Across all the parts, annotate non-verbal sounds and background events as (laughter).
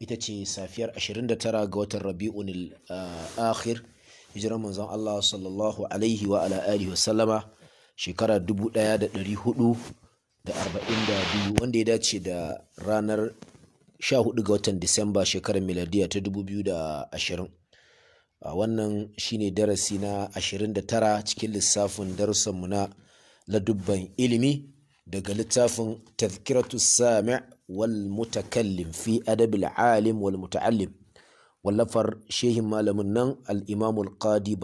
ita ce safiyar 29 ga watan rabi'un ah, akhir hijirar manzon Allah sallallahu alaihi wa ala alihi wa sallama shekara 1442 wanda ya dace da ranar 14 ga watan Disamba shekarar miladiya ta 2020 a wannan shine darasi na 29 cikin lissafin darussanmu na ladubban ilimi daga littafin tazkiratu sami' wal mutakallim fi adabil alim wal muta'allim wallafar shehin malamin nan al-imam al-qadi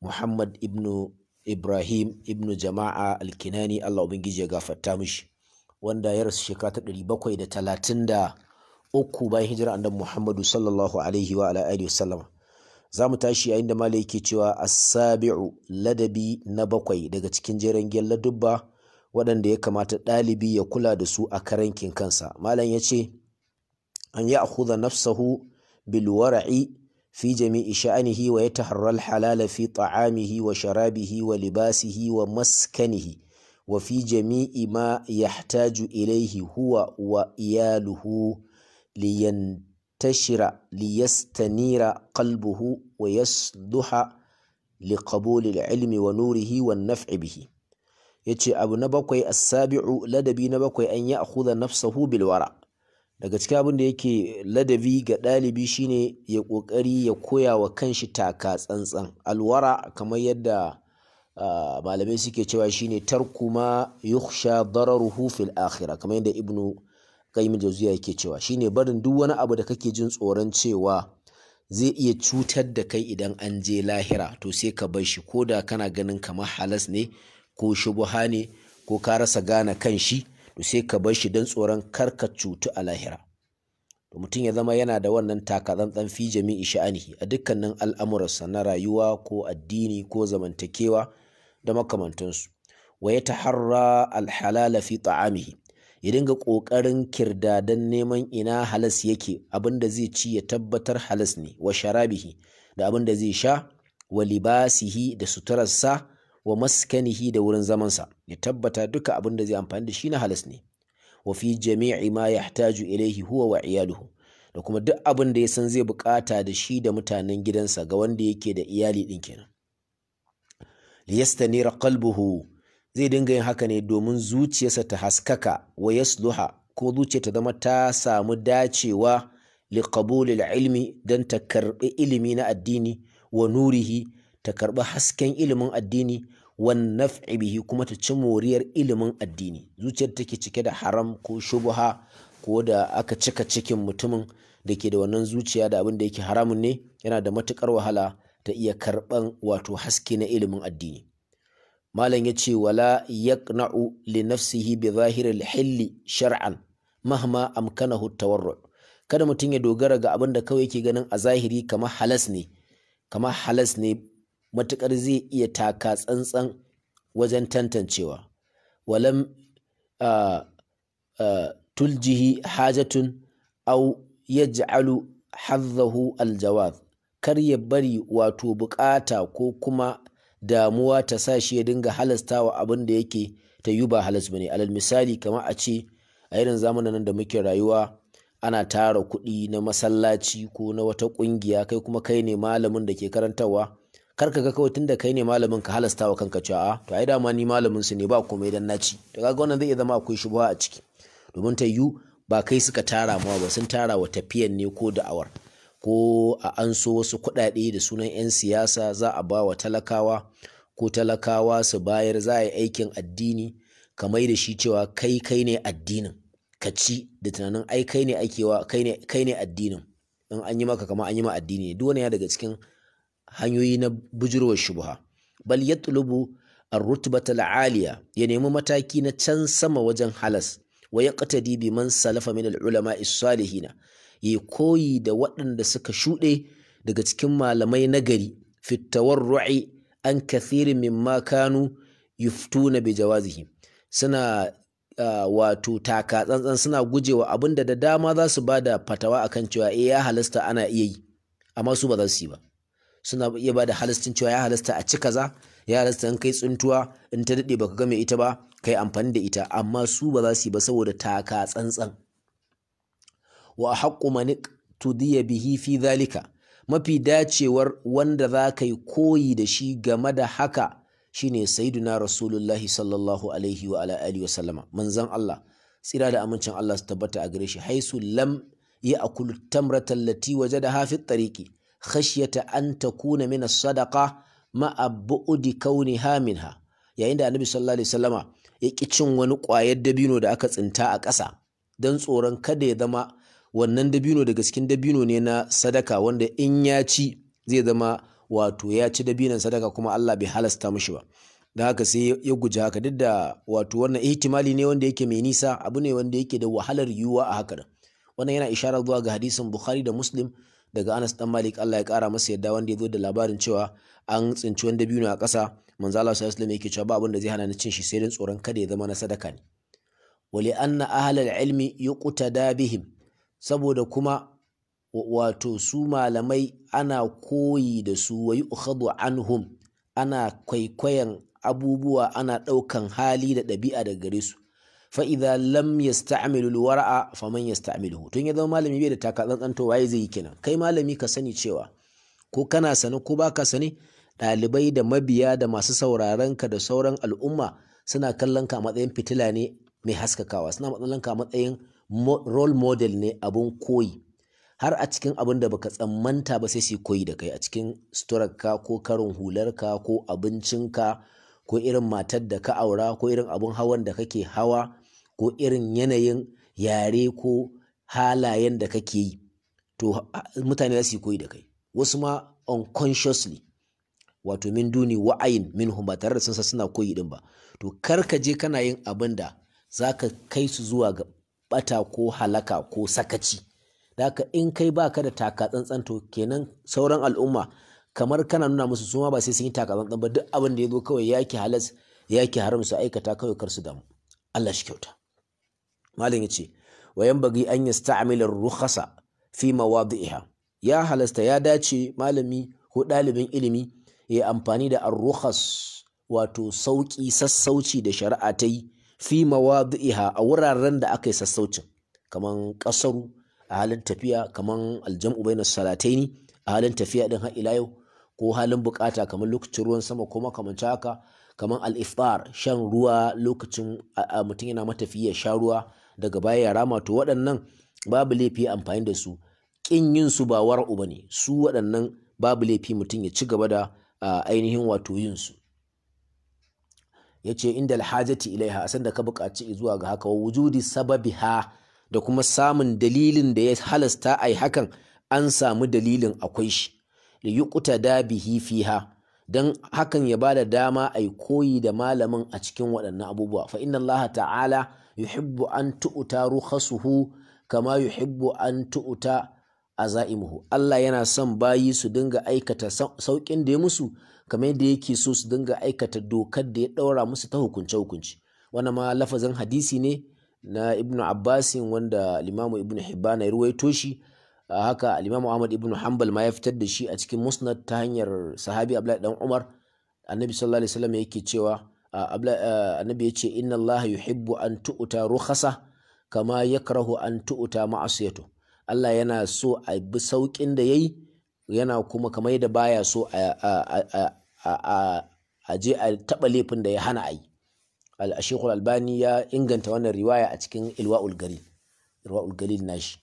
muhammad ibnu ibrahim ibnu jama'a al-kinani allah ubangiji ya gafarta wanda ya rasu shekara ta ɗari bakwai da talatin da uku bayan hijira annabi muhammadu sallallahu alaihi wa alihi za mu tashi yayin da malai yake cewa asabi'u ladabi na bakwai daga cikin jeren ladubba. waɗanda ya kamata ɗalibi ya kula da su a karankin kansa malam ya ce an yi akhudha nafsahu bil wara'i fi jami'i sha'anihi wa yataharra al halala fi ta'amihi wa sharabihi wa libasihi wa maskanihi wa fi jami'i ma yahtaju ilaihi huwa wa iyaluhu liyantashira liyastanira qalbuhu wa yasduha liqabuli al ilmi wa nurihi wa naf'i bihi yace abu na bakwai a sabiu ladabi na bakwai an ya'khudha nafsahu bil wara daga cikin abin da yake ladabi ga dalibi shine ya kokari ya koya wa kanshi taka tsantsan alwara kamar yadda malamai suke cewa shine tarku ma yukhsha dararuhu fil akhirah kamar yadda ibnu qayyim jawziya yake cewa shine barin duk wani abu da kake jin tsoron cewa zai iya cutar da kai idan an je lahira to sai ka bar shi ko da kana ganin kamar halas ne ko shubuha ne ko ka rasa gane kan shi to sai ka bar shi don tsoron kar ka cutu a lahira to mutum ya zama yana da wannan takatsantsan fi jami'i sha'anihi a dukkanin al'amuransa na rayuwa ko addini ko zamantakewa da makamantansu wa ya taharra alhalala fi ta'amihi ya dinga kokarin kirdadan neman ina halas yake abin da zai ci ya tabbatar halas ne wa sharabihi da abin da zai sha wa libasihi da suturarsa wa maskanihi da wurin zamansa ya tabbata duka abin da zai amfani da shi na halas ne wa fi jami'i ma ya yahtaju ilaihi huwa wa iyaluhu da kuma duk abin da ya san zai bukata da shi da mutanen gidansa ga wanda yake da iyali din kenan liyastanira qalbuhu zai dinga yin haka ne domin zuciyarsa ta haskaka wa yasluha ko zuciya ta zama ta samu dacewa li qabulil ilmi dan ta karbi ilimi na addini wa nurihi ta karɓi hasken ilimin addini wan naf'i bihi kuma ta ci moriyar ilimin addini zuciyar take cike da haram ko shubuha ko da aka cika cikin mutumin da ke da wannan zuciya da abin da yake haramun ne yana da matukar wahala ta iya karɓan wato haske na ilimin addini malam ya ce wala yaqna'u li nafsihi bi zahiril hilli shar'an mahma amkanahu tawarru kada mutum ya dogara ga abin da kawai ke ganin a zahiri kamar halas kamar halas ne matuƙar zai iya taka tsantsan wajen tantancewa walam tuljihi hajatun au yaj'alu hazzahu aljawaz kar ya bari wato bukata ko kuma damuwa ta sa shi ya dinga halastawa abin da yake ta yi ba halas bane alal misali kamar a ce a irin zamanin da muke rayuwa ana tara kuɗi na masallaci ko na wata ƙungiya kai kuma kai ne malamin da ke karantarwa kar ka ga kawai da kai ne malamin ka halasta wa kanka cewa to ai dama ni malamin su ne ba komai dan naci to kaga wannan zai iya zama akwai shubha a ciki domin ta yiwu ba kai suka tara mawa ba sun tara wa tafiyan ne ko da'awar ko a an so wasu kuɗaɗe da sunan 'yan siyasa za a ba wa talakawa ko talakawa su bayar za a yi aikin addini kamar da shi cewa kai kai ne addinin ka ci da tunanin ai kai ne wa kai ne addinin in an yi maka kama an yi ma addini duk wani ya daga cikin hanyoyi na bujurwar shubha bal ya tulubu a rutubata aliya ya nemi mataki na can sama wajen halas wa yaqtadi bi man salafa min al’ulama isalihina ya koyi da waɗanda suka shuɗe daga cikin malamai nagari fitawar tawarru'i an kathirin mimma kanu yuftuna bi jawazihi suna wato taka tsantsan suna gujewa abin da da dama za su ba da fatawa akan cewa eh ya halasta ana iya yi amma su ba za su yi ba suna iya ba da halastin cewa ya halasta a ci kaza ya halasta in kai tsuntuwa in ta daɗe baka ga mai ita ba kai amfani da ita amma su ba za su yi ba saboda taka tsantsan wa haqqu man tudiya bihi fi zalika mafi dacewar wanda za ka yi koyi da shi game da haka shine sayyiduna rasulullahi sallallahu alaihi wa ala alihi wa sallama manzon Allah tsira da amincin Allah su tabbata a gare shi haisu lam ya akulu tamratan lati wajadaha fi tariqi khashyata an takuna min as-sadaqa ma'a bu'di kauniha minha yayin da annabi sallallahu alaihi wasallama ya ki cin wani kwayar dabino da aka tsinta a ƙasa dan tsoron kada ya zama wannan dabino daga cikin dabino ne na sadaka wanda in ya ci zai zama wato ya ci dabinan sadaka kuma Allah bai halasta mishi ba da haka sai ya guji haka duk da wato wannan ihtimali ne wanda yake mai nisa abu ne wanda yake da wahalar yiwuwa a haka wannan yana isharar zuwa ga hadisin Bukhari da Muslim daga Anas dan Malik Allah ya kara masa yadda wanda ya zo da labarin cewa an tsinci biyu ne a ƙasa manzo Allah sallallahu alaihi wasallam yake cewa ba abin zai hana ni cin shi sai dan tsoron kada ya zama na sadaka ne wali anna ahlal ilmi yuqtada bihim saboda kuma wato su malamai ana koyi da su wa yu'khadhu anhum ana kwaikwayan abubuwa ana ɗaukan hali da ɗabi'a daga gare su fa idza lam yasta'milu alwara'a faman yasta'miluhu tun ya zama malami bai da taka tsantsan to waye zai yi kenan kai malami ka sani cewa ko kana sani ko ba ka sani dalibai da mabiya da masu sauraron ka da sauran al'umma suna kallon ka a matsayin fitila ne mai haskakawa suna matsalan ka a matsayin role model ne abun koyi har a cikin abin da baka tsammanta ba sai su koyi da kai a cikin ka ko karin hular ka ko abincin ka ko irin matar da ka aura ko irin abun hawan da kake hawa ko irin yanayin yare ko halayen da kake yi to mutane za su yi koyi da kai wasu ma unconsciously wato min duni wa'ayin min ba tare da sun suna koyi din ba to kar ka je kana yin abin da za ka kai su zuwa ga bata ko halaka ko sakaci da in kai baka da taka tsantsan to kenan sauran al'umma kamar kana nuna musu suma ba sai sun yi taka tsantsan ba duk abin da ya zo kawai yaki halas yaki haram su aikata kawai kar su damu Allah shi kyauta malam ce wa bagi an yi sta'amilar rukhasa fi iha ya halasta ya dace malami ko ɗalibin ilimi ya amfani da an rukhas wato sauki sassauci da shari'a ta yi fi iha a wuraren da aka yi sassaucin kaman kasaru a halin tafiya kamar aljam'u na salataini a halin tafiya ɗin har ila yau ko halin bukata kamar lokacin ruwan sama ko makamanci haka kamar al-iftar shan ruwa lokacin mutum yana matafiya sha ruwa daga baya ya rama to waɗannan babu laifi amfani da su ƙin yin su ba wara'u ba ne su waɗannan babu laifi mutum ya ci gaba da ainihin wato yin su ya ce inda alhajati ilaiha a sanda ka buƙaci zuwa ga haka wa wujudi sababi ha da kuma samun dalilin da ya halasta a yi hakan an samu dalilin akwai shi da yuƙuta da bihi fiha don hakan ya ba da dama a yi koyi da malamin a cikin waɗannan abubuwa fa inna laha ta'ala yuhibbu an tu'ta rukhasuhu kama yuhibbu an tu'ta azaimuhu Allah yana son bayi su dinga aikata saukin da ya musu kamar yadda yake so su dinga aikata dokar da ya daura musu ta hukunce hukunci wannan ma lafazin hadisi ne na ibnu abbasin wanda limamu ibnu hibbana ya ruwaito shi haka limamu ahmad ibnu hanbal ma ya fitar da shi a cikin musnad ta hanyar sahabi abdullahi dan umar annabi sallallahu alaihi wasallam yake cewa annabi ya ce inna Allah yuhibbu an tu'uta rukhasa kama yakrahu an tu'uta ma'asiyatu Allah yana so a bi saukin da yayi yana kuma kamar yadda baya so a je a taɓa laifin da ya hana a yi al albani ya inganta wannan riwaya a cikin ilwa'ul gari ilwa'ul galil nashi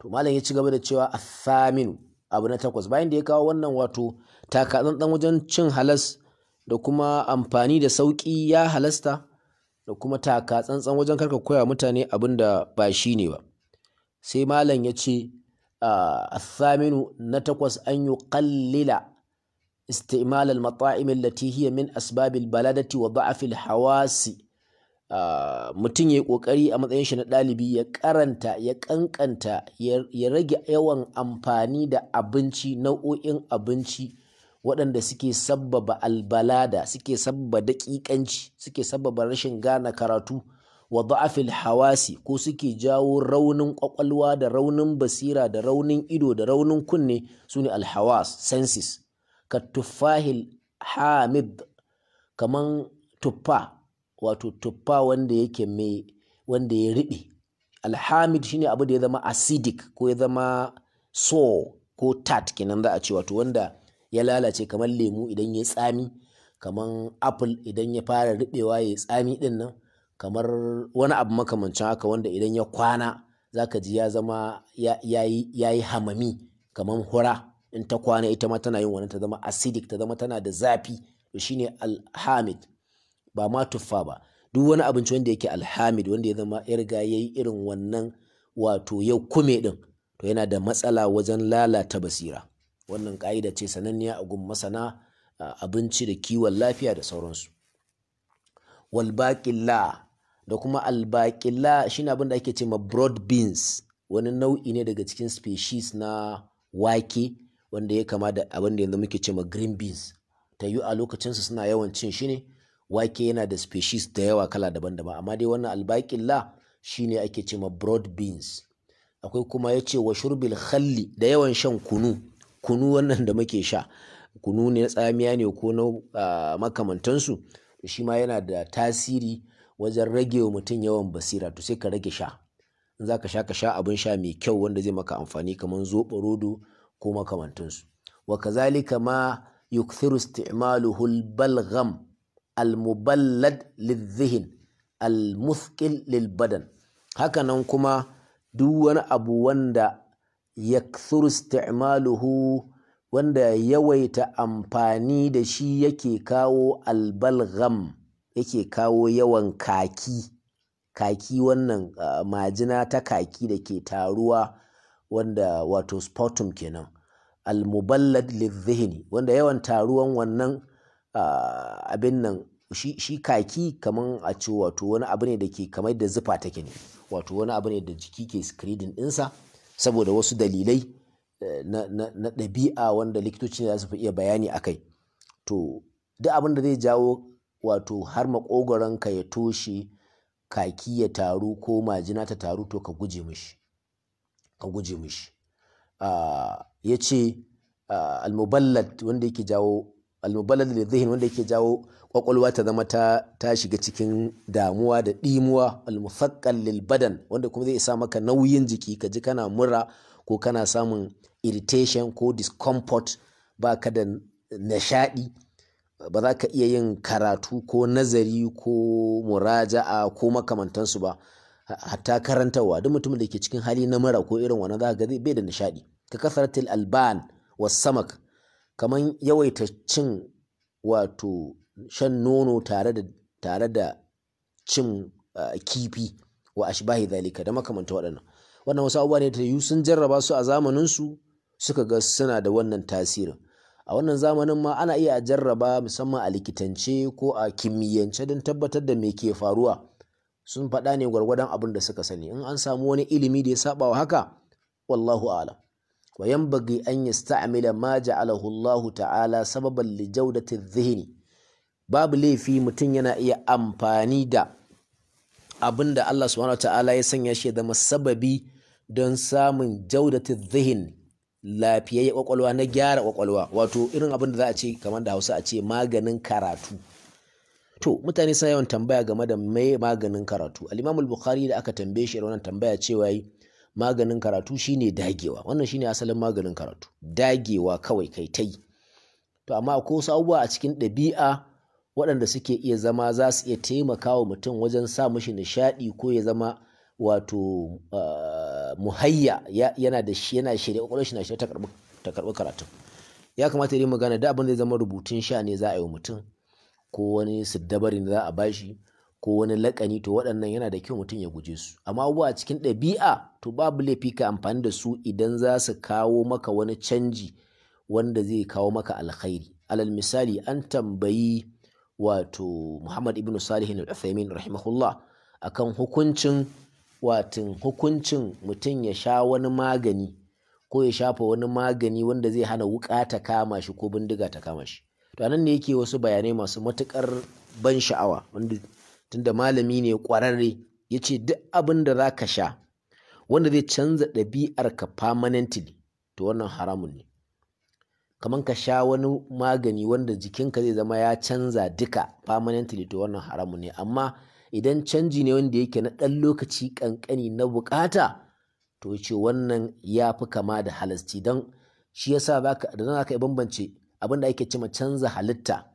to malam ya ci gaba da cewa athaminu abu na takwas bayan da ya kawo wannan wato taka wajen cin halas da kuma amfani da sauƙi ya halasta da kuma taka tsantsan wajen karka koya mutane abin da ba shi ne ba sai malam ya ce saminu na takwas an yi kallila isti'malar al-mata'im allati min asbab al-baladati wa ba'afil hawasi mutum ya yi kokari a matsayin shi na ɗalibi ya karanta ya kankanta ya rage yawan amfani da abinci nau'o'in abinci waɗanda suke sabbaba albalada suke sabbaba daƙiƙanci suke sabbaba rashin gane karatu wa da'afil hawasi ko suke jawo raunin ƙwaƙwalwa da raunin basira da raunin ido da raunin kunne su ne alhawas senses ka tuffahil hamid kaman tuffa wato tuffa wanda yake mai wanda ya riɓe alhamid shine abu da ya zama acidic ko ya zama so ko tat kenan za a ce wato wanda ya lalace kamar lemu idan ya tsami kamar apple idan ya fara riɓewa ya tsami din nan kamar wani abu makamancin haka wanda idan ya kwana za ka ji ya zama ya yi hamami kamar hura in ta kwana ita ma tana yin wani ta zama acidic ta zama tana da zafi to shine alhamid ba ma tuffa ba duk wani abinci wanda yake alhamid wanda ya zama ya riga ya yi irin wannan wato yau kume din to yana da matsala wajen lalata basira wannan ƙa'ida ce sananniya a gun masana abinci da kiwon lafiya da sauransu walbaƙilla da kuma albaƙilla shine abin da ake ce ma broad beans wani nau'i ne daga cikin species na wake wanda ya kama da abin da yanzu muke ce ma green beans ta yi a lokacinsu suna yawan cin shi ne wake yana da species da yawa kala daban-daban amma dai wannan albaƙilla shine ake ce ma broad beans akwai kuma ya ce wa shurbil khalli da yawan shan kunu kunu wannan da muke sha kunu ne na tsamiya ne ko na makamantansu to shi ma yana da tasiri wajen rage wa mutum yawan basira to sai ka rage sha in za ka sha ka sha abin sha mai kyau wanda zai maka amfani kamar zoɓa rodo ko makamantansu wa kazalika ma yukthiru isti'maluhu al gam al-muballad lidh-dhihn al lil-badan hakanan kuma duk wani abu wanda yakthuru isti'maluhu wanda yawaita amfani da shi yake kawo albalgham yake kawo yawan kaki kaki wannan uh, majina ta kaki da ke taruwa wanda wato sputum kenan almuballad lizzihini wanda yawan taruwan wannan uh, abin nan shi, shi kaki kamar a ce wato wani abu ne da ke kamar da zufa take ne wato wani abu ne da jiki ke screening dinsa. saboda wasu dalilai eh, na ɗabi'a wanda likitoci za su fi iya bayani a kai to duk abin da zai jawo wato har ka ya toshe kaki ya taru ko majina ta taru to ka guje mishi ka guje mishi ah, ya ce ah, almuballat wanda yake jawo almubalad da dhihn wanda yake jawo kwakwalwa ta zama ta shiga cikin damuwa da ɗimuwa almusaqqal lil badan wanda kuma zai isa maka nauyin jiki ka ji kana mura ko kana samun irritation ko discomfort ba ka da nishaɗi ba za ka iya yin karatu ko nazari ko muraja'a ko makamantansu ba hatta karantarwa duk mutumin da ke cikin hali na mura ko irin wannan za ka ga bai da nishaɗi ka til alban was samak kamar yawaita cin wato shan nono tare da cin ah, kifi wa ashbahi zalika da makamanta waɗannan wannan wasu abubuwa ne da yu sun jarraba su a zamanin su suka ga suna da wannan tasirin a wannan zamanin ma ana iya jarraba musamman a likitance ko a kimiyyance don tabbatar da mai ke faruwa sun faɗa ne gwargwadon abin da suka sani in an samu wani ilimi da ya saba wa haka wallahu alam wa yanbaghi an yasta'mila ma ja'alahu Allahu ta'ala sababan li ta dhihni babu laifi mutum yana iya amfani da abin da Allah subhanahu ta'ala ya sanya shi ya zama don samun jaudatin zihin lafiyayya kwakwalwa na gyara kwakwalwa wato irin abin da za a ce kamar da hausa a ce maganin karatu to mutane suna yawan tambaya game da mai maganin karatu alimamul bukhari da aka tambaye shi wannan tambaya cewa yi maganin karatu shine dagewa wannan shine asalin maganin karatu dagewa kawai kai ta yi to amma ko sabuwa abubuwa a cikin ɗabi'a waɗanda suke iya zama za su iya taimakawa mutum wajen sa mishi nishaɗi ko ya zama wato ah, muhayya yana da shi yana shirya ƙwaƙwalwar shi na shirya ta karɓi karatun ya kamata ya magana da abin zai zama rubutun sha ne za a yi wa mutum ko wani siddabari ne za a bashi ko wani lakani to waɗannan yana da kyau mutum ya guje su amma abubuwa a cikin ɗabi'a to babu laifi ka amfani da su idan za su kawo maka wani canji wanda zai kawo maka alkhairi alal misali an tambayi wato muhammad ibn salihin al-uthaymin rahimahullah akan hukuncin watin hukuncin mutum ya sha wani magani ko ya shafa wani magani wanda zai hana wuƙa ta kama shi ko bindiga ta kama shi to anan ne yake wasu bayanai masu matukar ban sha'awa wanda tunda malami ne kwararre ya ce duk abin da za ka sha wanda zai canza ɗabi'arka permanently to wannan haramun ne kamar ka sha wani magani wanda jikinka zai zama ya canza duka permanently to wannan haramun ne amma idan canji ne wanda yake na ɗan lokaci ƙanƙani na bukata to ce wannan ya fi kama da halasci don shi yasa da za ka bambance abin da ake cima canza halitta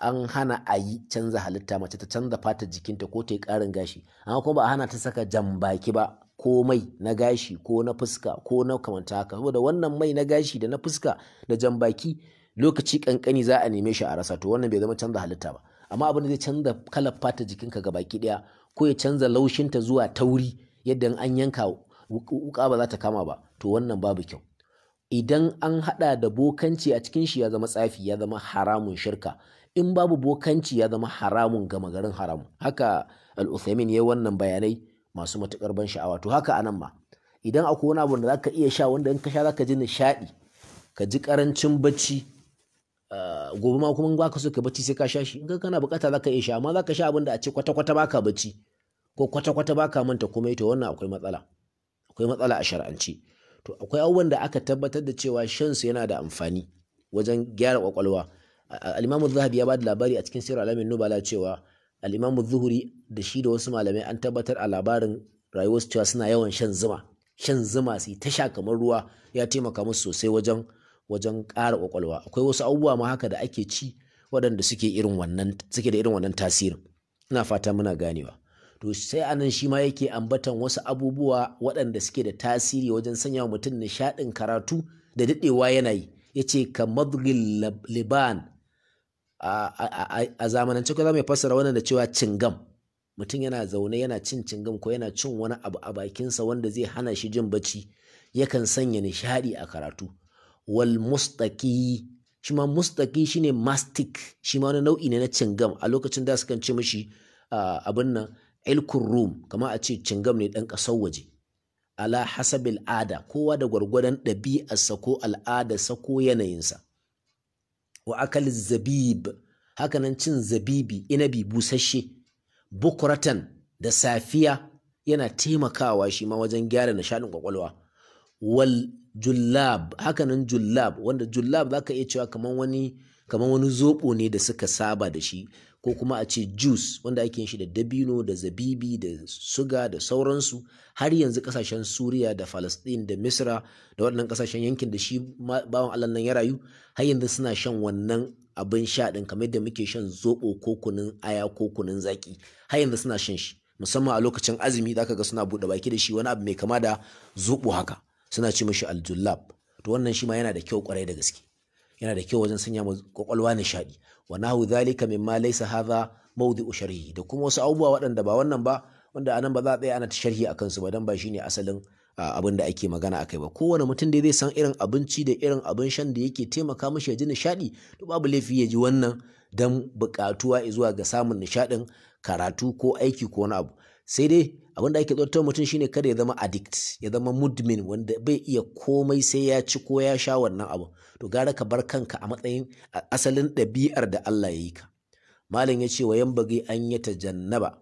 an hana a yi canza halitta mace ta canza fata jikinta ko ta yi ƙarin gashi amma kuma ba a hana ta saka jan baki ba ko mai na gashi ko na fuska ko na kamanta haka saboda wannan mai na gashi da na fuska da jan baki lokaci kankani za a neme shi a rasa to wannan bai zama canza halitta ba amma abin da zai canza kalar fata jikinka ga baki daya ko ya canza laushinta zuwa tauri yadda an yanka wuka ba za ta kama ba to wannan babu kyau idan an hada da bokanci a cikin shi ya zama tsafi ya zama haramun shirka in babu bokanci ya zama haramun gama garin haramu. haka al-Uthaymin yi wannan bayanai masu matukar ban sha'awa to haka anan ma idan akwai wani abu da zaka iya sha wanda in ka sha zaka ji nishadi ka ji karancin bacci ah, gobe ma kuma in ka so ka bacci sai ka sha shi in ka kana bukata zaka iya sha amma zaka sha abin da a ce kwata kwata baka bacci ko kwata kwata baka manta komai to wannan akwai matsala akwai matsala a shar'anci to akwai abubuwan da aka tabbatar da cewa shan su yana da amfani wajen gyara kwakwalwa al-Imam zahabi ya bada labari a cikin Sirr Alamin Nubala cewa al-Imam Zuhri da shi da wasu malamai an tabbatar a labarin rayuwar cewa suna yawan shan zuma shan zuma sai ta sha kamar ruwa ya taimaka musu sosai wajen wajen ƙara kwakwalwa akwai wasu abubuwa ma haka da ake ci waɗanda suke irin wannan suke da irin wannan tasirin ina fata muna ganewa to sai anan shi ma yake ambatan wasu abubuwa waɗanda suke da tasiri wajen sanya mutum nishaɗin karatu da daɗewa yana yi ya ce kamar liban a zamanance ko za mu fassara wannan da cewa cingam mutum yana zaune yana cin cingam ko yana cin wani abu a bakinsa wanda zai hana shi jin bacci yakan sanya nishaɗi a karatu wal mustaki shi ma mustaki ne mastic shi ma wani nau'i ne na cingam a lokacin da sukan ce mishi abin nan ilkun rum kama a ce cingam ne dan ƙasar waje ala hasabil ada kowa da gwargwadon ɗabi'arsa ko al'adarsa ko yanayinsa wa akal zabib hakanan cin zabibi inabi busasshe bukuratan da safiya yana taimakawa shi ma wajen gyara nishadin kwakwalwa wal jullab hakanan jullab wanda jullab zaka iya cewa kaman wani kaman wani zobo ne da suka saba da shi ko kuma a ce juice wanda ake shi da dabino da zabibi da suga da sauransu har yanzu kasashen suriya da falastin da misra da waɗannan kasashen yankin da shi bawan allah nan ya rayu har yanzu suna shan wannan abin sha ɗin kamar yadda muke shan zoɓo ko kunun aya ko kunun zaki har yanzu suna shan shi musamman a lokacin azumi zaka ga suna buɗe baki da shi wani abu mai kama da zoɓo haka suna ci mashi aljullab to wannan shi ma yana da kyau kwarai da gaske yana da kyau wajen sanya kwakwalwa nishaɗi wa nahu zalika mimma laysa hadha mawdi'u sharhi da kuma wasu abubuwa waɗanda ba wannan ba wanda anan ba za a tsaya ana ta sharhi a kansu ba dan ba shine asalin abin da ake magana a kai ba kowane mutum da zai san irin abinci da irin abin shan da yake taimaka mashi ya ji nishaɗi to babu laifi ya ji wannan dan buƙatuwa zuwa ga samun nishaɗin karatu ko aiki ko wani abu sai dai abin da ake tsoratar mutum shine kada ya zama addict ya zama mudmin wanda bai iya komai sai ya ci ko ya sha wannan abu to gara ka bar kanka a matsayin asalin ɗabi'ar da Allah ya yi ka malam ya ce wa yan bage an ya tajannaba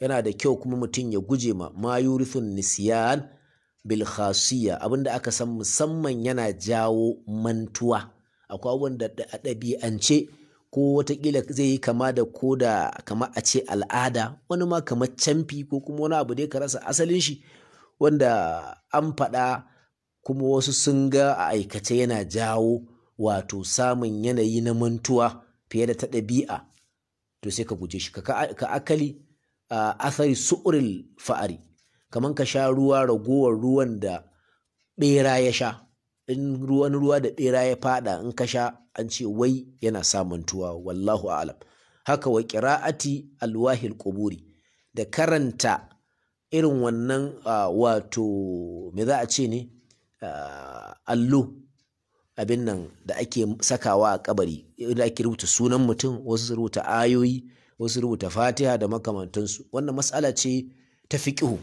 yana da kyau kuma mutum ya guje ma ma nisiyan nisiyan bil abin da aka san musamman yana jawo mantuwa akwai abubuwan da a ɗabi'ance ko watakila zai yi kama da ko da kama a ce al'ada wani ma kamar camfi ko kuma wani abu dai ka rasa asalin shi wanda an faɗa kuma wasu sun ga a aikace yana jawo wato samun yanayi na mantuwa fiye da ta ɗabi'a to sai ka guje shi ka akali a asari su'uril fa'ari kamar ka sha ruwa ragowar ruwan da ɓera ya sha in ruwan ruwa da bera ya fada in ka sha an ce wai yana samun tuwa wallahu alam haka wa qira'ati alwahil quburi da karanta irin wannan wato me za a ce ne allo abin nan da ake sakawa a kabari da ake rubuta sunan mutum wasu rubuta ayoyi wasu rubuta fatiha da makamantansu wannan matsala ce ta fiƙihu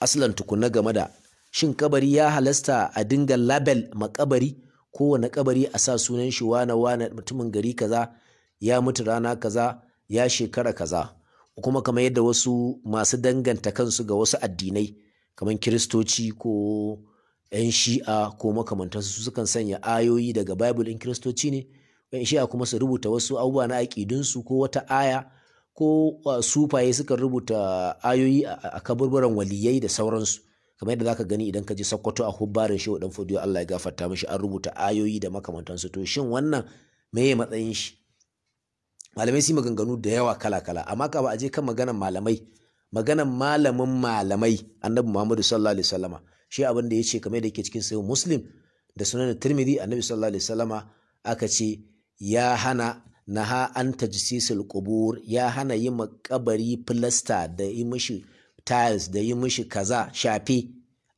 aslan tukuna game da shin kabari ya halasta a dinga label makabari kowane kabari a sa sunan shi wane wane mutumin gari kaza ya mutu rana kaza ya shekara kaza kuma kamar yadda wasu masu danganta kansu ga wasu addinai kamar kiristoci ko 'yan shi'a ko makamantansu su sukan sanya ayoyi daga bible in kiristoci ne 'yan shi'a kuma su rubuta wasu abubuwa na aƙidinsu ko wata aya ko uh, sufaye suka rubuta ayoyi a kaburburan waliyai da sauransu kamar yadda zaka gani idan ka ji Sokoto a hubbarin shi dan fodiyo Allah ya gafarta mishi an rubuta ayoyi da makamantansu to shin wannan me ya matsayin shi malamai su maganganu da yawa kala kala amma ka ba a je kan maganan malamai maganan malamin malamai annabi Muhammadu sallallahu alaihi wasallama shi abin da yace kamar da yake cikin sahih Muslim da sunan Tirmidhi annabi sallallahu alaihi wasallama aka ce ya hana naha an tajsisul qubur ya hana yin makabari filasta da yi mishi tiles da yi mishi kaza shafe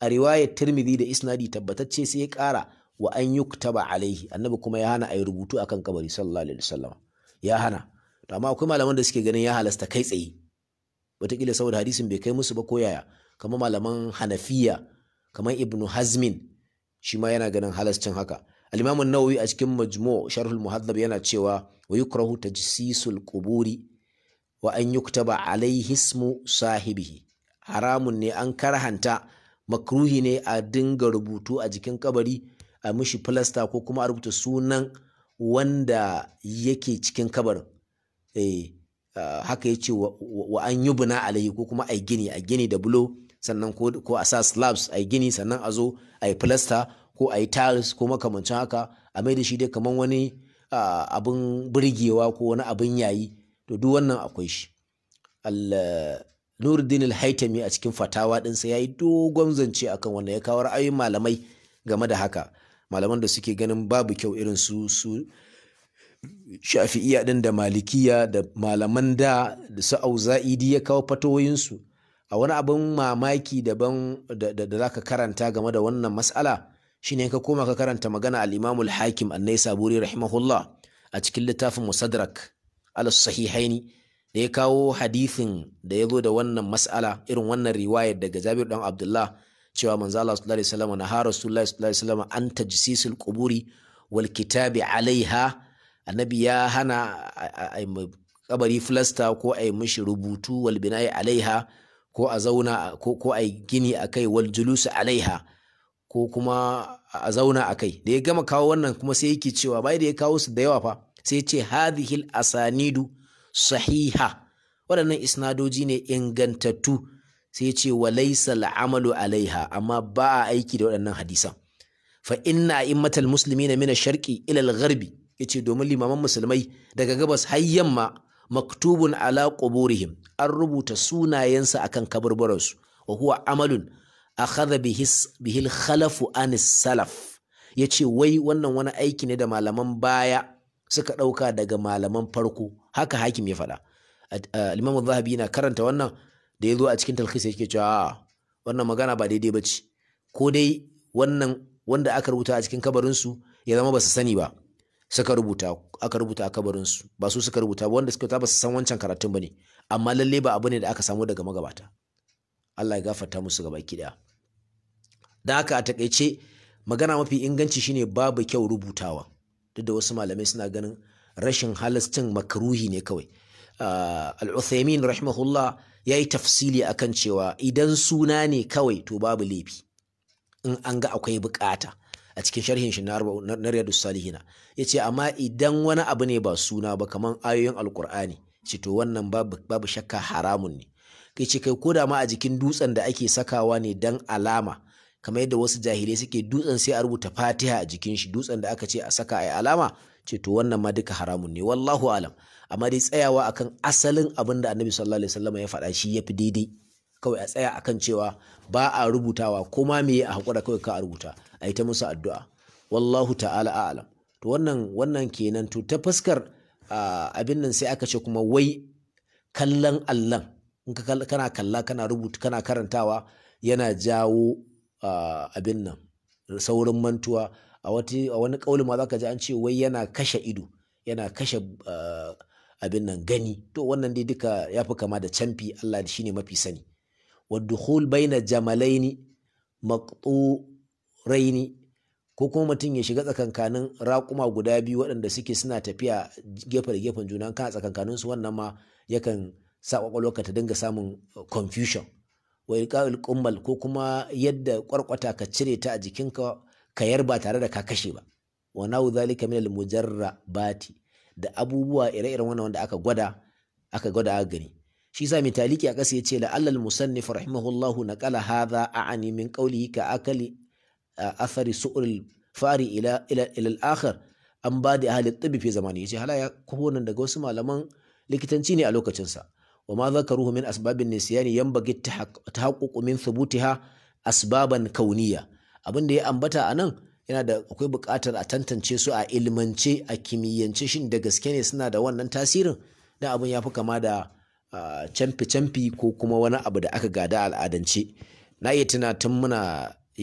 a riwayar tirmidhi da isnadi tabbatacce sai ya kara wa an yuktaba alaihi annabi kuma ya hana a yi rubutu kan kabari sallallahu alaihi wasallam ya hana to amma akwai malaman da suke ganin ya halasta kai tsaye wataƙila saboda hadisin bai kai musu ba ko yaya kamar malaman hanafiya kamar ibnu hazmin shi ma yana ganin halascin haka al-imamu nawawi a cikin majmu sharhul muhaddab yana cewa wa yukrahu tajsisul quburi wa an yuktaba alaihi ismu sahibihi haramun ne an karhanta makruhi ne a dinga rubutu a jikin kabari a mishi filasta ko kuma a rubuta sunan wanda yake cikin kabarin eh, haka ya ce wa, an yi buna alayi ko kuma a gini a gini da bulo sannan ko a sa slabs a gini sannan a zo a yi filasta ko a yi tiles ko makamancin haka a mai da shi dai kamar wani abin birgewa ko wani abin yayi to duk wannan akwai shi Nuruddin al-Haitami a cikin fatawa ɗinsa ya yi dogon zance akan wannan ya kawo ra'ayoyin malamai game da haka malaman da suke ganin babu kyau irin su su shafi'iya din da malikiya da malaman da da su auza'idi ya kawo su a wani abin mamaki daban da za ka karanta game da wannan mas'ala shine ka koma ka karanta magana al-imamul hakim annai saburi rahimahullah a cikin littafin musadrak al-sahihaini da ya kawo hadithin da ya zo da wannan mas'ala irin wannan riwayar daga Jabir dan Abdullah cewa manzo Allah sallallahu alaihi wasallam har rasulullahi sallallahu alaihi wasallam an tajsisul quburi wal kitabi alaiha annabi ya hana ai kabari filasta ko ai mishi rubutu wal bina'i alaiha ko a zauna ko ai gini akai wal julusu alaiha ko kuma a zauna akai da ya gama kawo wannan kuma sai yake cewa bai da ya kawo su da yawa fa sai ya ce hadhihi asanidu sahiha waɗannan isnadoji ne ingantattu sai ce wa laisa alaiha amma ba a aiki da waɗannan hadisan fa inna immatal musulmi na mina sharki ilal garbi ya ce domin limaman musulmai daga gabas har yamma maktubun ala quburihim an rubuta sunayensa akan kaburbaransu wa huwa amalun akhadha bihi bihil khalafu an salaf ya ce wai wannan wani aiki ne da malaman baya suka ɗauka daga malaman farko haka hakim ya faɗa uh, limamu zahabi na karanta wannan da ya zo a cikin talkhis yake cewa wannan magana ba daidai ba ce ko dai wannan wanda aka rubuta a cikin kabarinsu ya zama ba su sani ba suka rubuta aka rubuta a kabarinsu ba su suka rubuta ba wanda suka ba su san wancan karatun ba ne amma lalle ba abu ne da aka samu daga magabata Allah ya gafarta musu gaba ki daya dan haka a takaice magana mafi inganci shine babu kyau rubutawa duk da wasu malamai suna ganin rashin halastin makaruhi ne kawai ah, al-uthaymin rahimahullah ya yi tafsili akan cewa idan suna ne kawai to babu laifi in an ga akwai bukata a cikin sharhin shi na riyadu salihina ya ce amma idan wani abu ne ba suna ba kamar ayoyin alkur'ani ce to wannan babu shakka haramun ne kai ce kai da ma a jikin dutsen da ake sakawa ne dan alama kamar yadda wasu jahilai suke dutsen sai a rubuta fatiha a jikin shi dutsen da aka ce a saka a alama ce to wannan ma duka haramun ne wallahu alam amma dai tsayawa akan asalin abin da annabi sallallahu alaihi wasallam ya faɗa shi yafi daidai kawai a tsaya akan cewa ba a rubutawa ko ma me a hakura kawai ka a rubuta a yi ta musu addu'a wallahu ta'ala a'lam to wannan wannan kenan to ta fuskar abin nan sai aka ce kuma wai kallon allan in kana kalla kana rubuta kana karantawa yana jawo abin nan saurin mantuwa a wani kauli ma za ka ji an ce wai yana kashe ido yana kashe abin nan gani to wannan dai duka ya fi kama da camfi Allah shi ne mafi sani wadduhul baina jamalaini maqturaini ko kuma mutum ya shiga tsakankanin raƙuma guda biyu waɗanda suke suna tafiya gefe da gefen juna kana tsakankanin su wannan ma yakan sa ka ta dinga samun confusion wa ilqa'ul ko kuma yadda kwarkwata ka cire ta a jikinka ka ba tare da ka kashe ba wa nahu zalika min al bati da abubuwa ire-iren wannan wanda aka gwada aka gwada aka gani shi sa mai taliki a ƙasa ya ce la'allal musannif rahimahullahu na kala hadha a'ani min qawlihi ka akali athari su'ul fari ila ila al an ba da ahli tibbi fi zamani yace hala ya kofo daga wasu malaman likitanci ne a lokacin sa wa ma ruhu min asbabin nisyani ta tahaqququ min ha asbaban kauniya abin da ya ambata a nan yana da akwai buƙatar a tantance su a ilmance a kimiyyance shin da gaske ne suna da wannan tasirin da abin ya fi kama da camfi-camfi ko kuma wani abu da aka gada al'adance na iya tuna tun muna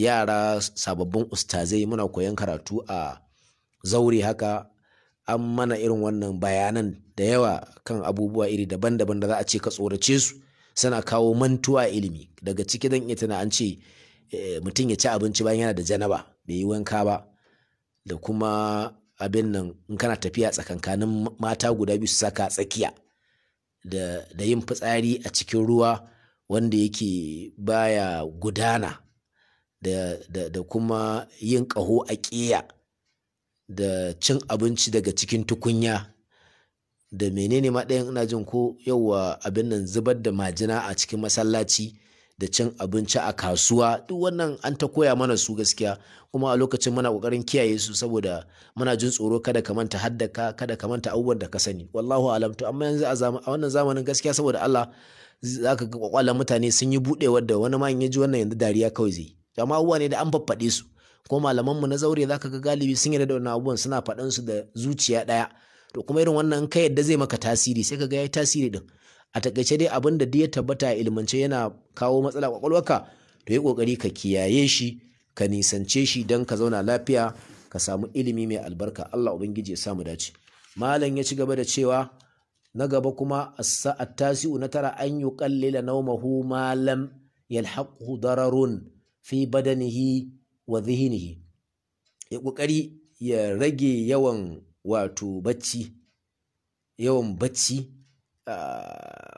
yara sababbin ustazai muna koyon karatu a zaure haka an mana irin wannan bayanan da yawa kan abubuwa iri daban-daban da za a ce ka tsorace su suna kawo mantuwa ilimi daga ciki dan iya an ce eh, mutum ya ci abinci bayan yana da janaba bai yi wanka ba da kuma abin nan in kana tafiya tsakankanin mata guda biyu su saka tsakiya da yin fitsari a cikin ruwa wanda yake baya gudana da, da kuma yin ƙaho a ƙiya da cin abinci daga cikin tukunya da menene ma ɗayan ina jin ko wa abin nan zubar da majina a cikin masallaci da cin abinci a kasuwa duk wannan an ta koya mana su gaskiya kuma a lokacin muna kokarin kiyaye su saboda muna jin tsoro kada ka manta haddaka kada ka manta abubuwan da ka sani wallahu alam to amma yanzu a wannan zamanin gaskiya saboda Allah zaka ga kwakwalan mutane sun yi budewar da wani ma in ya wannan yanzu dariya kawai zai amma abubuwa ne da an faffaɗe su ko malamanmu na zaure za ka ga galibi sun yarda da wannan abubuwan suna faɗan su da zuciya ɗaya to kuma irin wannan kai ka zai maka tasiri sai ka ga yayi tasiri din a takaice dai abin da ya tabbata ilmance yana kawo matsala kwakwalwarka to yi kokari ka kiyaye shi ka nisance shi don ka zauna lafiya ka samu ilimi mai albarka Allah ubangiji ya samu dace malam ya ci gaba da cewa na gaba kuma at-tasi'u na tara an yuqallila nawmahu ma malam yalhaku dararun fi badanihi wa zihinihi ya ƙoƙari ya rage yawan wato bacci yawan bacci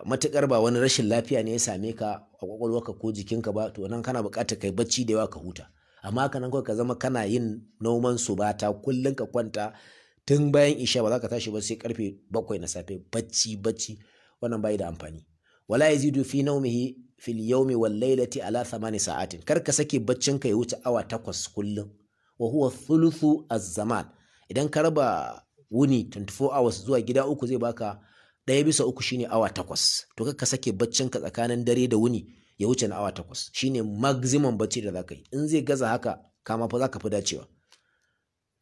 matuƙar ba wani rashin lafiya ne ya same ka a ka ko jikinka ba to nan kana buƙatar kai bacci da yawa ka huta amma haka nan kawai ka zama kana yin noman su ta kullum ka kwanta tun bayan isha ba za ka tashi ba sai karfe bakwai na safe bacci bacci wannan bai da amfani wala zidu fi nawmihi fil yawmi wal laylati ala thamani sa'atin kar ka sake baccin ka ya wuce awa takwas kullum wa huwa thuluthu az idan ka raba wuni 24 hours zuwa gida uku zai baka ɗaya bisa uku shine awa takwas to kar ka sake baccin ka tsakanin dare da wuni ya wuce na awa takwas shine maximum bacci da zaka yi in zai gaza haka kama fa zaka fi dacewa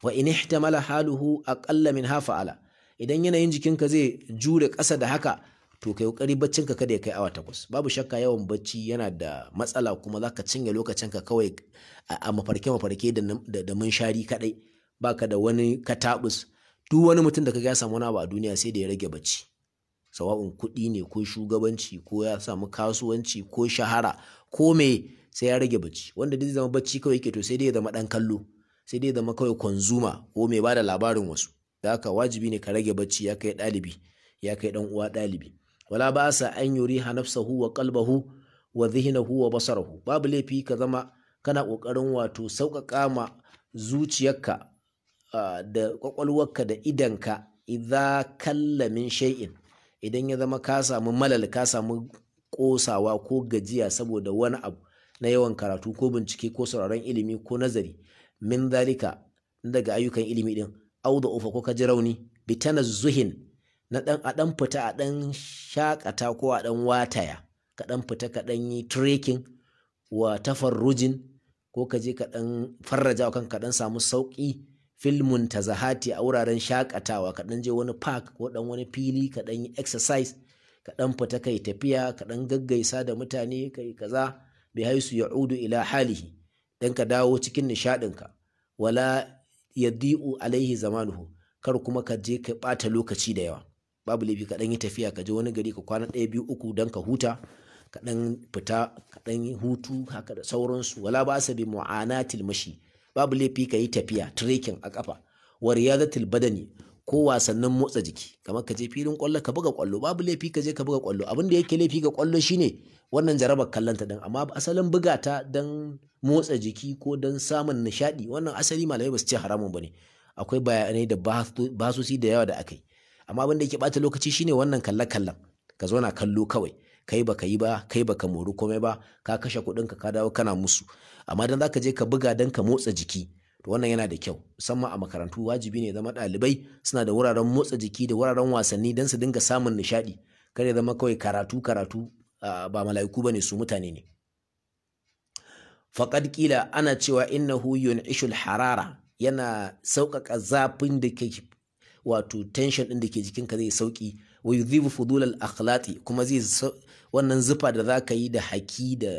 wa in ihtamala haluhu aqalla min hafa ala idan yanayin jikinka zai jure ƙasa da haka to kai kokari baccin ka kada ya kai awa takwas babu shakka yawan bacci yana da matsala kuma zaka cinye lokacin ka kawai a mafarke mafarke da munshari kadai baka da wani katabus duk wani mutum da kaga ya samu wani a duniya sai da ya rage bacci sawa'un kuɗi ne ko shugabanci ko ya samu kasuwanci ko shahara ko me sai ya rage bacci wanda duk zama bacci kawai yake to sai dai ya zama dan kallo sai dai ya zama kawai konzuma ko mai ba da labarin wasu da haka wajibi ne ka rage bacci ya kai ɗalibi ya kai ɗan uwa ɗalibi wala ba sa an yuri hu wa hu wa hu wa basarahu babu laifi ka zama kana kokarin wato sauƙaƙa ma zuciyarka da kwakwalwarka da idanka idza kalla min shay'in idan ya zama ka samu malal ka samu kosawa ko gajiya saboda wani abu na yawan karatu ko bincike ko sauraron ilimi ko nazari min zalika daga ayyukan ilimi din au da ufa ko ka ji rauni bi tanazzuhin na ɗan a ɗan fita a ɗan shakata ko a ɗan wataya ka ɗan fita ka ɗan yi trekking wa tafarrujin ko ka je ka ɗan farraja kan ka ɗan samu sauƙi filmun ta zahati a wuraren shakatawa ka ɗan je wani park ko ɗan wani fili ka ɗan yi exercise ka ɗan fita kai tafiya ka ɗan gaggaisa da mutane kai kaza bi haisu ya ya'udu ila halihi dan ka dawo cikin nishaɗinka wala yadi'u alaihi zamanuhu kar kuma ka je ka ɓata lokaci da yawa babu laifi ka ɗan yi tafiya ka je wani gari ka kwana ɗaya biyu uku don ka huta ka ɗan fita ka ɗan yi hutu haka da sauransu wala ba sabi bi mu'anatil mashi babu laifi ka yi tafiya trekking a kafa wa riyadatil badani ko wasannin motsa jiki kamar ka je filin kwallo ka buga kwallo babu laifi ka je ka buga kwallo abin yake laifi ga kwallo shine wannan jarabar kallonta din amma asalin buga ta dan motsa jiki ko dan samun nishadi wannan asali malamai ba su ce haramun ne akwai bayanai da basusi da yawa da aka yi. amma abin da yake bata lokaci shine wannan kalle kallon ka zo na kallo kawai kai baka yi ba kai baka mori komai ba ka kashe kuɗin ka ka dawo kana musu amma dan zaka je ka buga dan ka motsa jiki to wannan yana da kyau musamman a makarantu wajibi ne zama ɗalibai suna da wuraren motsa jiki da wuraren wasanni dan su dinga samun nishaɗi kar ya zama kawai karatu karatu ba mala'iku bane su mutane ne faqad qila ana cewa innahu yun'ishul harara yana sauƙaƙa zafin da ke wato tension din da ke jikinka zai sauki wa yudhibu fudulal akhlati kuma zai wannan zufa da zaka yi da haki da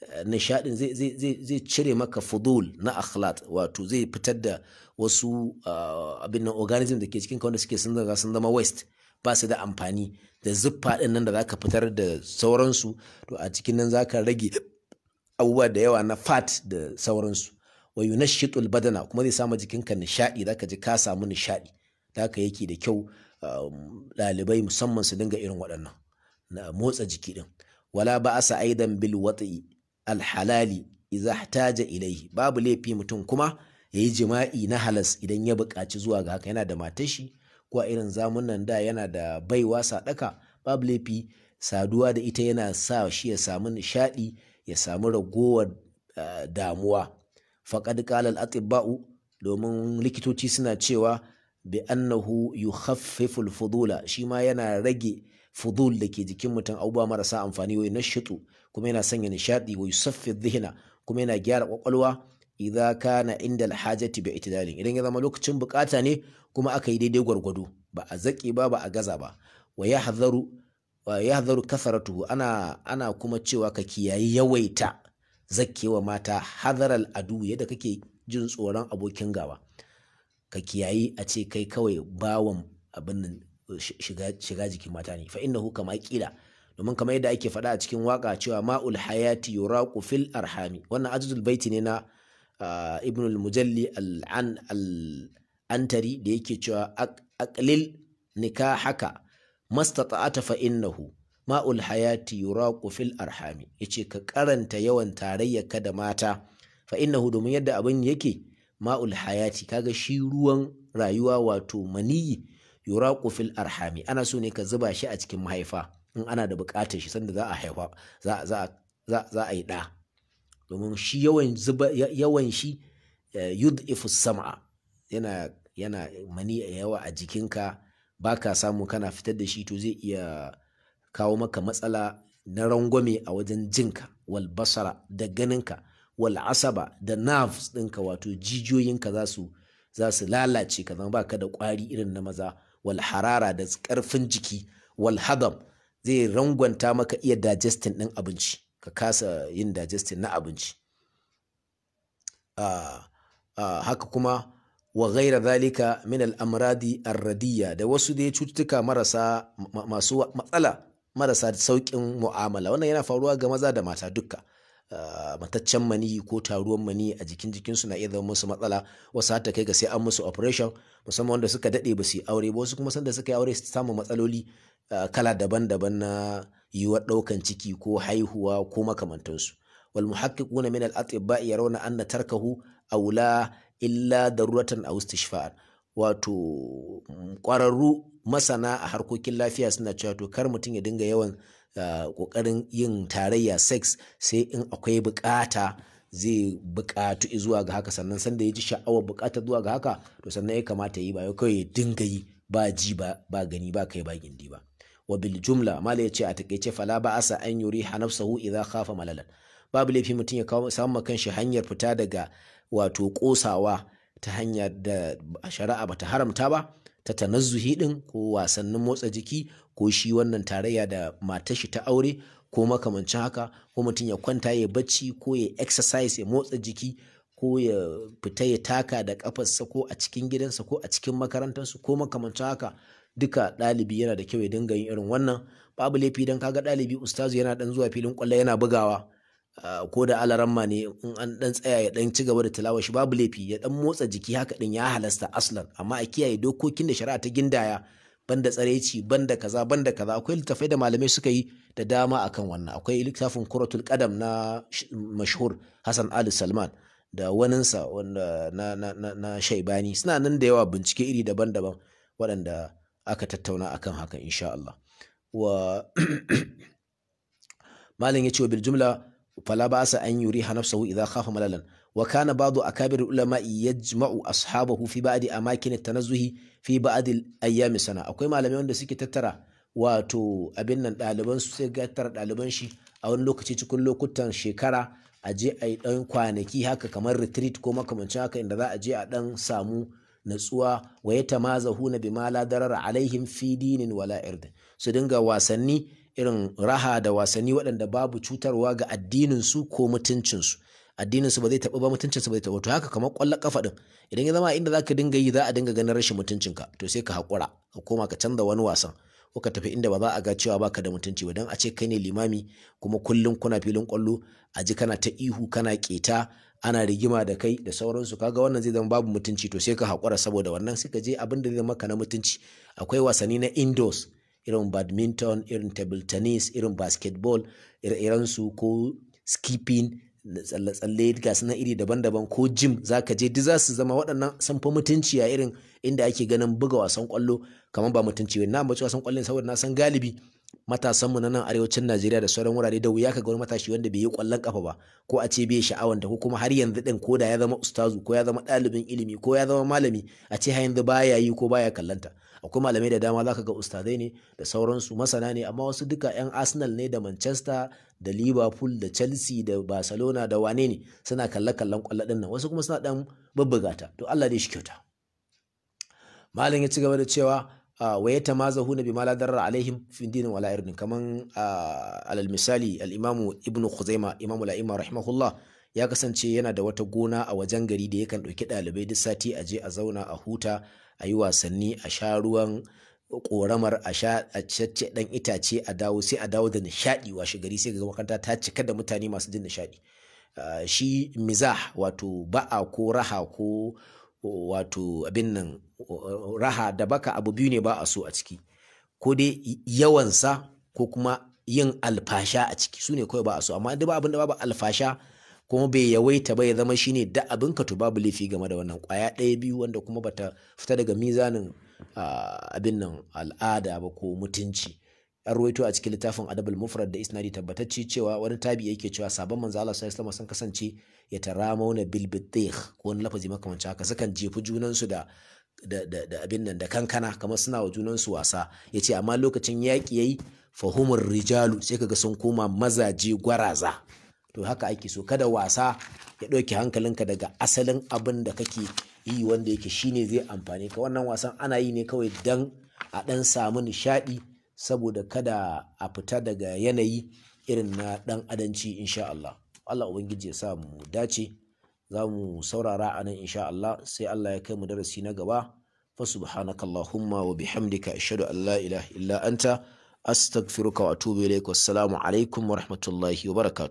eh, nishadin zai cire maka fudul na akhlat wato zai fitar da wasu ah, abin nan organism da ke cikinka wanda suke sun zama sun zama waste ba su da amfani da zuffa din nan da zaka fitar da sauransu to a cikin nan zaka rage abubuwa da yawa na fat da sauransu wa yunashitul badana kuma zai sama jikinka nishadi zaka ji ka samu nishadi da haka yake da kyau um, ɗalibai musamman su dinga irin waɗannan na motsa jiki din wala ba asa aidan bil wat'i al halali idza ihtaja babu laifi mutum kuma yayi jima'i na halas idan ya buƙaci zuwa ga haka yana da matar shi ko a irin zamunan da yana da baiwa saɗaka babu laifi saduwa da ita yana sa shi ya samu nishaɗi ya samu ragowar uh, damuwa faƙad qala al domin likitoci suna cewa bi annahu yukhaffifu al-fudula shi ma yana rage fudul da ke jikin mutum abubuwa marasa amfani wa nashitu kuma yana sanya nishadi wa yusaffi dhihna kuma yana gyara kwakwalwa idza kana inda al-hajati bi itidalin idan ya zama lokacin bukata ne kuma aka yi daidai gwargwado ba a zaki ba ba a gaza ba wa yahzaru wa yahdharu kasaratuhu ana ana kuma cewa ka kiyayi yawaita zakewa mata hadaral adu yadda kake jin tsoron abokin gaba ka kiyayi a ce kai kawai bawan abin eh, shiga jikin mata ne fa innahu kama kila domin kamar yadda ake faɗa a cikin waka cewa ma'ul hayati yuraqu fil arhami wannan ajzul baiti ne na ah, ibn al-mujalli al-an al-antari da yake cewa aqlil nikahaka mastata'ata fa innahu ma'ul hayati yuraqu fil arhami yace ka karanta yawan ka da mata fa innahu domin yadda abin yake ma'ul hayati kaga shi ruwan rayuwa wato maniyi yuraqu fil arhami ana so ne ka zuba shi a cikin mahaifa in ana da buƙatar shi sanda za a haifa za a yi da domin shi yawan shi eh, yud shi sam'a yana yana mani yawa a jikinka baka samu kana fitar da shi to zai iya kawo maka matsala na rangwame a wajen jinka wal basara da ganinka wal asaba da nerves ɗinka wato jijiyoyinka za su za su lalace ka zama baka da ƙwari irin na maza wal harara da ƙarfin jiki wal hadam zai rangwanta maka iya digesting ɗin abinci ka kasa yin digesting na abinci ah, ah, haka kuma wa ghaira zalika min al-amradi ar da wasu dai cututtuka marasa masu matsala marasa sauƙin mu'amala wannan yana faruwa ga maza da mata dukka Ah, mataccen mani ko taruwan mani a jikin jikinsu na iya zama musu matsala wasu hatta kai ga sai an musu operation musamman wanda suka daɗe ba su yi aure ba wasu kuma sanda suka yi aure su samu matsaloli ah, kala daban-daban na yiwuwar ɗaukan ciki ko haihuwa ko makamantansu wal muhaqqiquna min al atibba yarawna anna tarkahu aula illa daruratan aw istishfa'an wato kwararru mm, masana a harkokin lafiya suna cewa to kar mutum ya dinga yawan Ah, ƙoƙarin yin tarayya sex sai in akwai bukata zai buƙatu zuwa ga haka sannan sanda ya ji sha'awar buƙatar zuwa ga haka to sannan ya kamata yi ba ya kawai ya dinga yi ba ji ba gani ba kai ba gindi ba wa bil jumla mala yace a takeice fala ba asa an yuri hanafsahu idza khafa malalan babu laifi mutum ya kawo samu kanshi hanyar fita daga wato kosawa ta hanyar da shari'a bata haramta ba ta tanazzuhi din ko wasannin motsa jiki ko shi wannan tarayya da matar shi ta aure ko makamancin haka ko mutum ya kwanta ya bacci ko ya exercise ya motsa jiki ko ya fita ya taka da kafarsa ko a cikin gidansa ko a cikin makarantarsu ko makamancin haka duka ɗalibi yana da kyau ya dinga yin irin wannan babu laifi don kaga ɗalibi ustazu yana dan zuwa filin kwallo yana bugawa ko da alaramma ne in an dan tsaya ya dan ci gaba da tilawa shi babu laifi ya dan motsa jiki haka ɗin ya halasta aslan amma a kiyaye dokokin da shari'a ta gindaya banda tsareci banda kaza banda kaza akwai littafai da malamai suka yi da dama akan wannan akwai littafin kuratul kadam na mashhur Hassan Ali Salman da waninsa wanda na, na, na, na shaibani suna nan da yawa bincike iri daban-daban waɗanda aka tattauna akan haka insha Allah wa (clears throat) malam ya ce wa bil jumla fala ba sa an yuri hanafsahu idza kafa malalan wa kana ba'du akabir ulama yajma'u ashabahu a ba'di ta tanazzuhi fi ba'd ayyami sana akwai malamai wanda suke tattara wato abin nan ɗaliban su sai ga tattara ɗaliban shi a wani lokaci cikin lokutan shekara a je a yi ɗan kwanaki haka kamar retreat ko makamancin haka inda za a je a ɗan samu natsuwa wa ya tamazahu na bima la darara alaihim fi dinin wala su dinga wasanni irin raha da wasanni waɗanda babu cutarwa ga addinin su ko mutuncinsu. addinin su ba zai taɓa ba mutuncin su ba zai taɓa to haka kamar ƙwallon ƙafa ɗin idan ya zama inda za ka dinga yi za a dinga ganin rashin mutuncin ka to sai ka haƙura ka koma ka canza wani wasan ko ka tafi inda ba za a ga cewa baka da mutunci ba don a ce kai ne limami kuma kullum kuna filin ƙwallo a ji kana ta ihu kana ƙeta ana rigima da kai da sauransu kaga wannan zai zama babu mutunci to sai ka haƙura saboda wannan sai ka je abin da zai maka na mutunci akwai wasanni na indos irin badminton irin table tennis irin basketball ire-irensu ko skipping tsalle-tsalle ga suna iri daban-daban ko jim za ka je duk za su zama waɗannan sun mutunci a irin inda ake ganin buga wasan ƙwallo kamar ba mutunci ba na mace wasan ƙwallon saboda na san galibi matasanmu na nan arewacin Najeriya da sauran wurare da wuya ka ga wani matashi wanda bai yi ƙwallon ƙafa ba ko a ce bai sha'awan ta ko kuma har yanzu din ko da ya zama ustazu ko ya zama ɗalibin ilimi ko ya zama malami a ce har yanzu baya yi ko baya kallanta akwai malamai da dama za ka ga ustazai ne da sauransu masana ne amma wasu duka 'yan arsenal ne da manchester da liverpool da chelsea da barcelona da wane ne suna kalle kallon kwallo ɗin nan wasu kuma suna ɗan babbugata to allah dai shi kyauta malam ya ci gaba da cewa ah, wa ya ta maza huna bi mala darra alaihim fi dinin wala irdin kaman ah, alal misali al-imamu ibnu khuzaima imamu la'ima rahimahullah ya kasance yana da wata gona a wajen gari da yakan ɗauki ɗalibai duk sati a je a zauna a huta a yi wasanni a sha ruwan ƙoramar a sha a cacce ɗan itace a dawo sai a dawo da nishaɗi washe gari sai ga makaranta ta cika da mutane masu jin nishaɗi ah, shi mizah wato ba'a ko raha ko wato abin nan raha da baka abu biyu ne ba a so a ciki ko dai yawansa ko kuma yin alfasha a ciki su ne kawai ba a so amma duk ba abin da babu alfasha kuma bai yawaita ba ya zama shine da abin ka to babu laifi game da wannan kwaya ɗaya biyu wanda kuma bata fita daga mizanin abin nan al'ada ba ko mutunci an ruwaito a cikin littafin adabul mufrad da isnadi tabbatacci cewa wani tabi yake cewa sabon manzo Allah sallallahu alaihi sun kasance ya taramauna bil bitih ko wani lafazi makamancin haka sukan jefu junan su da da abin nan da kankana kamar suna wa junan su wasa yace amma lokacin yaki yayi fahumur rijalu sai kaga sun koma mazaje gwaraza to haka ake so kada wasa ya ɗauki hankalinka daga asalin abin da kake yi wanda yake shi ne zai amfani ka wannan wasan ana yi ne kawai dan a dan samu nishadi saboda kada a fita daga yanayi irin na dan adanci insha Allah Allah ubangiji ya sa mu dace za mu saurara a nan insha Allah sai Allah ya kai mu darasi na gaba fa subhanakallahumma wa bihamdika ashhadu an la ilaha illa anta astaghfiruka wa atubu ilaik assalamu alaikum wa rahmatullahi wa barakatuh